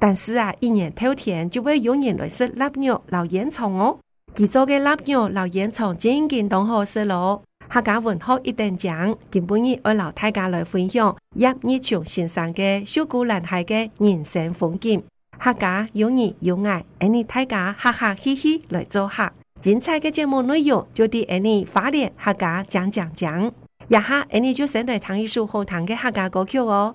但是啊，一年頭天就會有人來食臘肉、老煙腸哦。其中嘅臘肉、老煙腸真嘅當好食咯。客家文化一定講，今晡日愛老大家來分享一一場線上嘅小古男孩嘅人生風景。客家有你有愛，愛你大家哈哈嘻嘻來做客。精彩嘅節目內容就等你發連客家講講講。一哈等你就先來唱一首好聽嘅客家歌曲哦。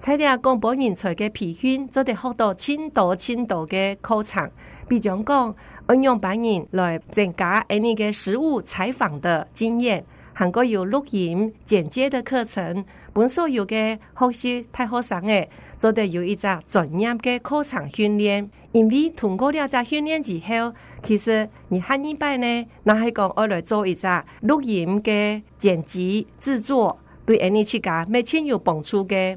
睇下廣播人才的培訓，做得好多千度千度的課程。比如講，運用半年來增加你嘅實物採訪的經驗，還個有錄音剪輯的課程。本所有的學習太好上的做得有一扎專業的課程訓練。因為通過了這訓練之後，其實你下禮拜呢，那係講我來做一扎錄音的剪輯製作，對呢啲作家每千要幫助嘅。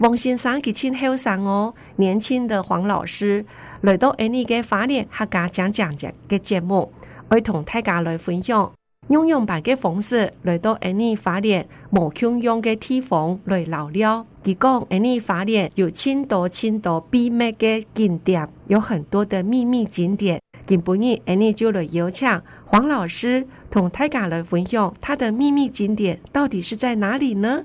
王先生極謙後生哦，年輕的黃老師來到安尼嘅法蓮客家講講個節目，會同大家來分享。用用白嘅方式來到安尼法蓮，冇用用嘅地方來留了。據講，安尼法蓮有千多千多秘密嘅景點，有很多的秘密景點。今不日安尼就來邀請黃老師同大家來分享，他的秘密景點到底是在哪裏呢？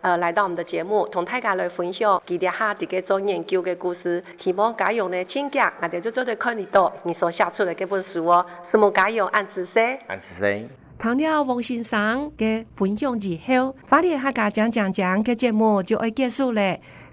呃，來到我們的節目，同大家來分享幾點哈這個做研究的故事，希望家用的見解，俺哋就做對看得到。你所寫出的這本書哦，是冇家用按自身。按自身。談了王先生的分享之後，法律哈家講講講嘅節目就愛結束了。